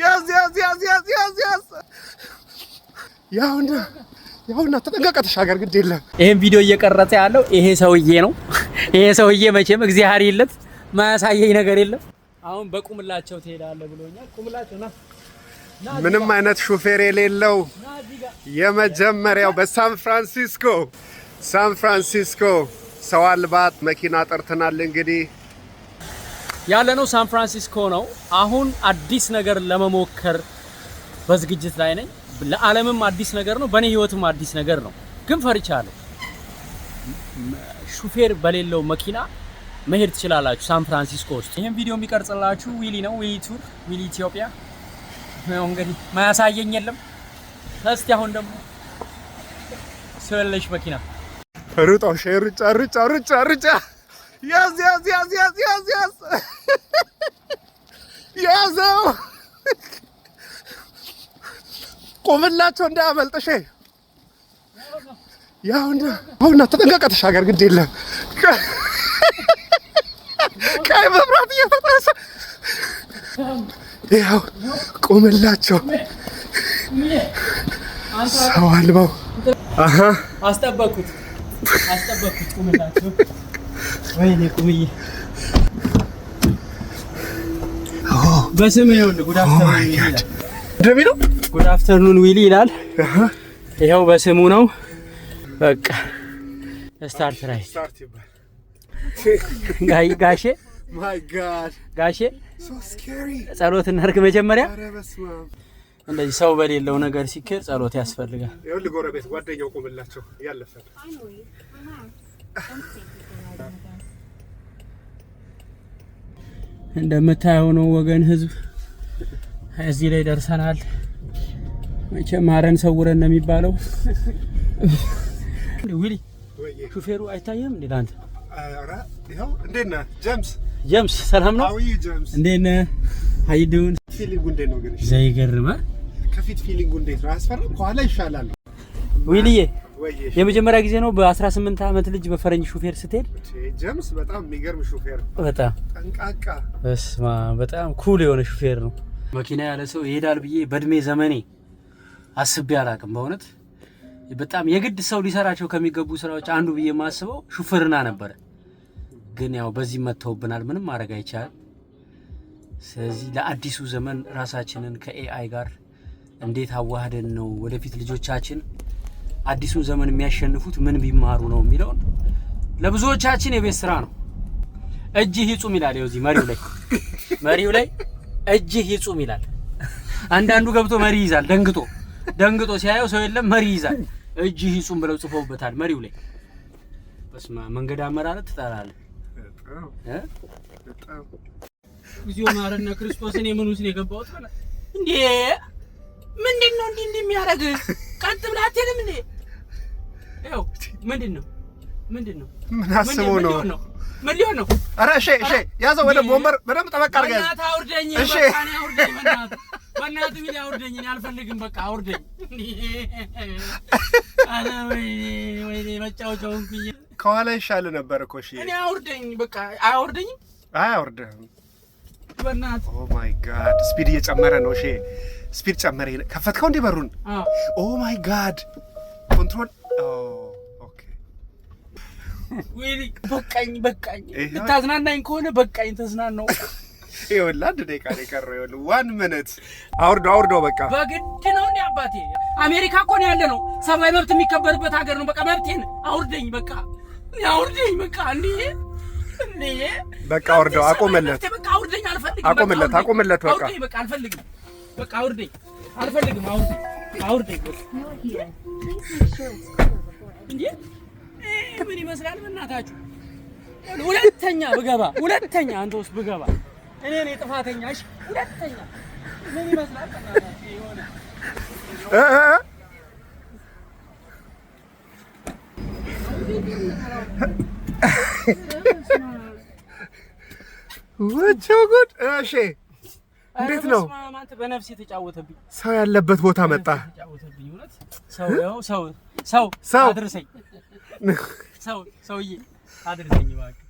ያዝ ያውና ተጠንቀቀ፣ ተሻገር። ግድ የለም ይሄን ቪዲዮ እየቀረጸ ያለው ይሄ ሰውዬ ነው። ይሄ ሰውዬ መቼም እግዚአብሔር የለት ማያሳየኝ ነገር የለም። አሁን በቁምላቸው ትሄዳለህ ብሎኛል። ቁምላቸው ና ምንም አይነት ሹፌር የሌለው የመጀመሪያው በሳን ፍራንሲስኮ ሳን ፍራንሲስኮ ሰው አልባት መኪና ጠርተናል እንግዲህ ያለነው ሳን ፍራንሲስኮ ነው። አሁን አዲስ ነገር ለመሞከር በዝግጅት ላይ ነኝ። ለዓለምም አዲስ ነገር ነው፣ በእኔ ህይወትም አዲስ ነገር ነው። ግን ፈርቻለሁ። ሹፌር በሌለው መኪና መሄድ ትችላላችሁ ሳን ፍራንሲስኮ ውስጥ። ይህም ቪዲዮ የሚቀርጽላችሁ ዊሊ ነው። ዊሊ ቱር፣ ዊሊ ኢትዮጵያ። እንግዲህ ማያሳየኝ የለም። እስቲ አሁን ደግሞ ሰው የለሽ መኪና ሩጦ ሩጫ ሩጫ ሩጫ ሩጫ ያዘው ቆምላቸው እንዳያመልጥሽ። ያው እንደ አሁን ተጠንቀቀ፣ ተሻገር። ግድ የለም ቀይ መብራት እየተጣሰ ያው ቆምላቸው ሰው አልባው አስጠበኩት፣ አስጠበኩት። ቁምላቸው ወይኔ ቁምዬ በስም ይኸውልህ፣ ጉድ አፍተርኑን ይላል እንደሚለው ጉድ አፍተርኑን ዊሊ ይላል። ይኸው በስሙ ነው። በቃ ስታርት ራይት ጋሼ ጋሼ ጸሎት እናድርግ መጀመሪያ። እንደዚህ ሰው በሌለው ነገር ሲኬድ ጸሎት ያስፈልጋል። ይኸውልህ፣ ጎረቤት ጓደኛው ቁምላቸው ያለፈ እንደምታየው ነው ወገን ህዝብ፣ እዚህ ላይ ደርሰናል። መቼም ማረን ሰውረን ነው የሚባለው። ዊሊ ሹፌሩ አይታየም እንዴ ለአንተ? እንዴት ነህ ጀምስ? ጀምስ ሰላም ነው። እንዴት ነህ? ዱን ፊሊንጉ እንዴት ነው ግን? ዘይገርማ ከፊት ፊሊንጉ እንዴት ነው? አያስፈራም? ከኋላ ይሻላል። ዊሊዬ የመጀመሪያ ጊዜ ነው በ18 ዓመት ልጅ በፈረንጅ ሹፌር ስትሄድ። ጀምስ በጣም የሚገርም ሹፌር ነው። በጣም ጠንቃቃ፣ በጣም ኩል የሆነ ሹፌር ነው። መኪና ያለ ሰው ይሄዳል ብዬ በእድሜ ዘመኔ አስቤ አላቅም። በእውነት በጣም የግድ ሰው ሊሰራቸው ከሚገቡ ስራዎች አንዱ ብዬ የማስበው ሹፍርና ነበረ። ግን ያው በዚህ መጥተውብናል፣ ምንም ማድረግ አይቻልም። ስለዚህ ለአዲሱ ዘመን ራሳችንን ከኤአይ ጋር እንዴት አዋህደን ነው ወደፊት ልጆቻችን አዲሱን ዘመን የሚያሸንፉት ምን ቢማሩ ነው የሚለውን ለብዙዎቻችን የቤት ስራ ነው። እጅህ ይጹም ይላል። ይኸው እዚህ መሪው ላይ መሪው ላይ እጅህ ይጹም ይላል። አንዳንዱ ገብቶ መሪ ይዛል። ደንግጦ ደንግጦ ሲያየው ሰው የለም መሪ ይዛል። እጅህ ይጹም ብለው ጽፈውበታል መሪው ላይ። በስመ አብ መንገድ አመራረት ትጠላለህ። እግዚኦ መሐረነ ክርስቶስ እኔ ምን ውስጥ ነው የገባሁት እንዴ? ምንድን ነው እንዲህ እንዲህ የሚያደርግ? ቀጥ ብለህ አትሄድም እንዴ? ይኸው ምንድን ነው ምንድን ነው ምን አስቦ ነው? ምን ሊሆን ነው? ኧረ እሺ እሺ፣ ያዘው ወደ ወንበር በደምብ ጠበቅ አድርገህ በእናትህ አውርደኝ፣ እሺ አውርደኝ፣ በእናትህ በእናትህ አውርደኝ፣ እኔ አልፈልግም፣ በቃ አውርደኝ። ኧረ ወይኔ ወይኔ፣ መጫወቻውን ብዬ ከኋላ ይሻል ነበር እኮ። እሺ እኔ አውርደኝ፣ በቃ አያውርደኝም፣ አያውርደህም። በእናትህ ኦ ማይ ጋድ፣ ስፒድ እየጨመረ ነው። እሺ ስፒድ ጨመረ። ከፈትከው እንዴ በሩን? ኦ ማይ ጋድ ኮንትሮል በቃኝ በቃኝ። ልታዝናናኝ ከሆነ በቃኝ፣ ተዝናናው። ይኸውልህ አንድ ደቂቃ ነው የቀረው። ይኸውልህ ዋን ምነት አውርዶ አውርዶ በቃ በግድ ነው እንደ አባቴ። አሜሪካ እኮ ነው ያለ ነው፣ ሰብአዊ መብት የሚከበርበት ሀገር ነው። በቃ መብቴን አውርደኝ፣ በቃ አውርደኝ፣ በቃ እንዴ እንዴ በቃ አውርደው፣ አቁምለት፣ አቁምለት፣ አቁምለት፣ በቃ አልፈልግም በቃ አውርደኝ፣ አልፈልግም። አውርደኝ፣ አውርደኝ። እንዴ ምን ይመስላል? በእናታችሁ ሁለተኛ ብገባ ሁለተኛ አንተ ውስጥ ብገባ እኔ ነኝ ጥፋተኛ። እሺ ሁለተኛ ምን ይመስላል? ወቸው ጉድ እሺ እንዴት ነው በነፍስ የተጫወተብኝ ሰው ያለበት ቦታ መጣ። ሰው ሰው ሰው አድርሰኝ ሰው ሰውዬ አድርሰኝ እባክህ